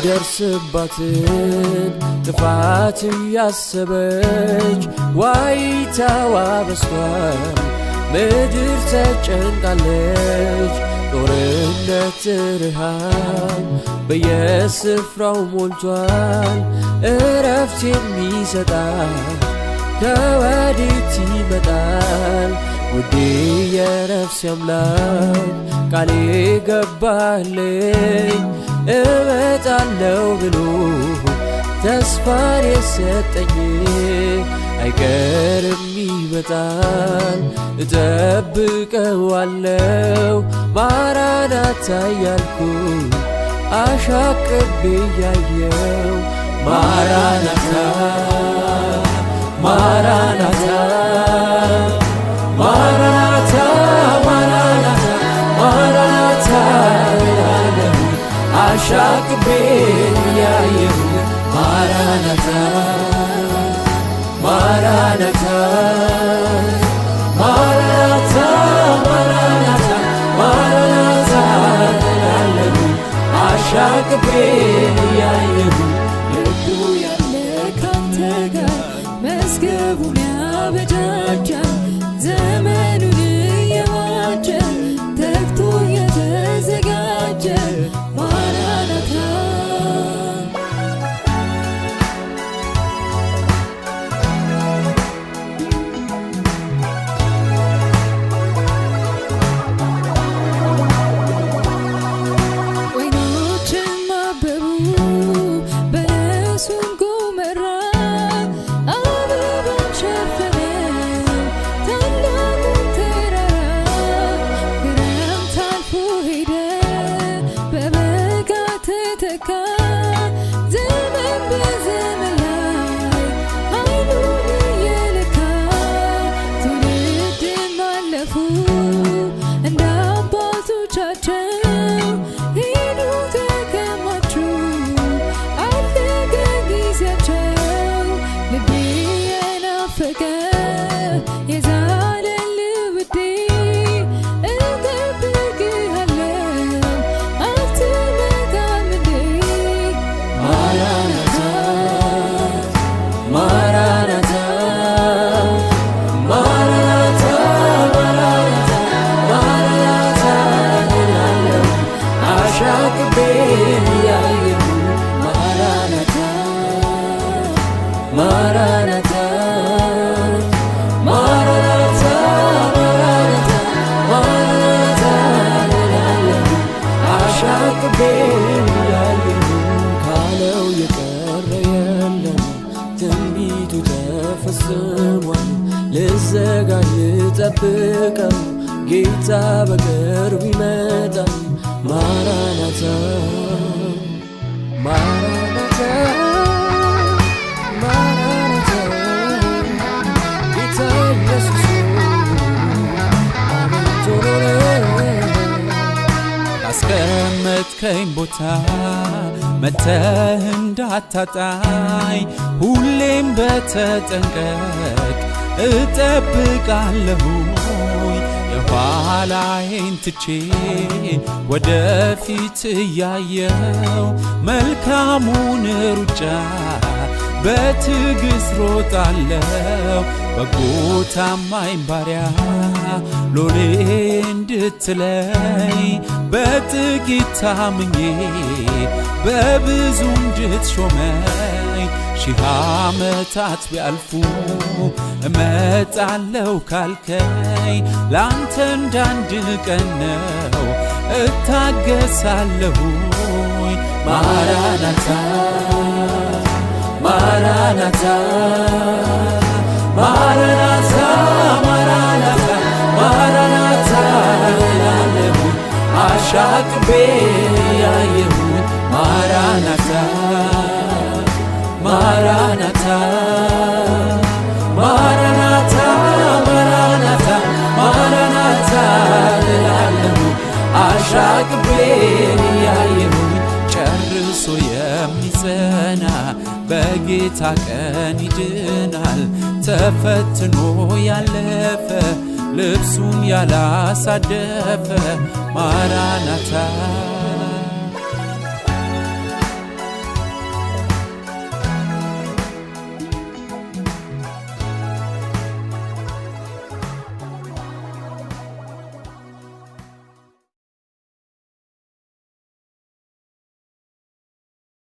የሚደርስባትን ጥፋት እያሰበች ዋይታዋ በስቷል፣ ምድር ተጨንቃለች። ጦርነት፣ ርሃብ በየስፍራው ሞልቷል። እረፍት የሚሰጣት ከወዴት ይመጣል? ውዴ የረፍት አምላክ ቃል ገባልኝ እመጣለው ብሎ ተስፋን የሰጠኝ አይቀርም ይመጣል፣ እጠብቀዋለው ማራናታ እያልኩ አሻቅቤ ያየው ማራናታ አሻቅቤ ያየ ማራናታ ማራናታ ማራናታ አሻቅቤ ያየሁ ልቡ ያለ ካንተ ጋር መዝገቡን ያበጃጃል አሻቅቤ ያየሁ ማራናታ ማራናታ ማራናታ ካለው የቀረ የለም ትንቢቱ ተፈጽሟል ልዘጋጅ ልጠብቀው ጌታ በቅርብ ይመጣል ማራ ማራናታ ማራናታ ማራናታ ጌታ ኢየሱስ አቤቶሎለ አስቀመጥከኝ ቦታ መተህ እንዳታጣኝ ሁሌም በተጠንቀቅ እጠብቃለሁኝ ከኋላዬን ትቼ ወደፊት እያየው መልካሙን ሩጫ በትዕግሥት ሮጣለው በጎ ታማኝ ባሪያ ሎሌ እንድትለይ በጥቂት ታምኜ በብዙ እንድትሾመኝ ሺህ ዓመታት ቢያልፉ እመጣለሁ ካልከኝ ላንተ እንዳንድ ቀን ነው እታገሳለሁኝ። ማራናታ ማራናታ I am የሚጸና በጌታ ቀን ይድናል። ተፈትኖ ያለፈ ልብሱን ያላሳደፈ ማራናታ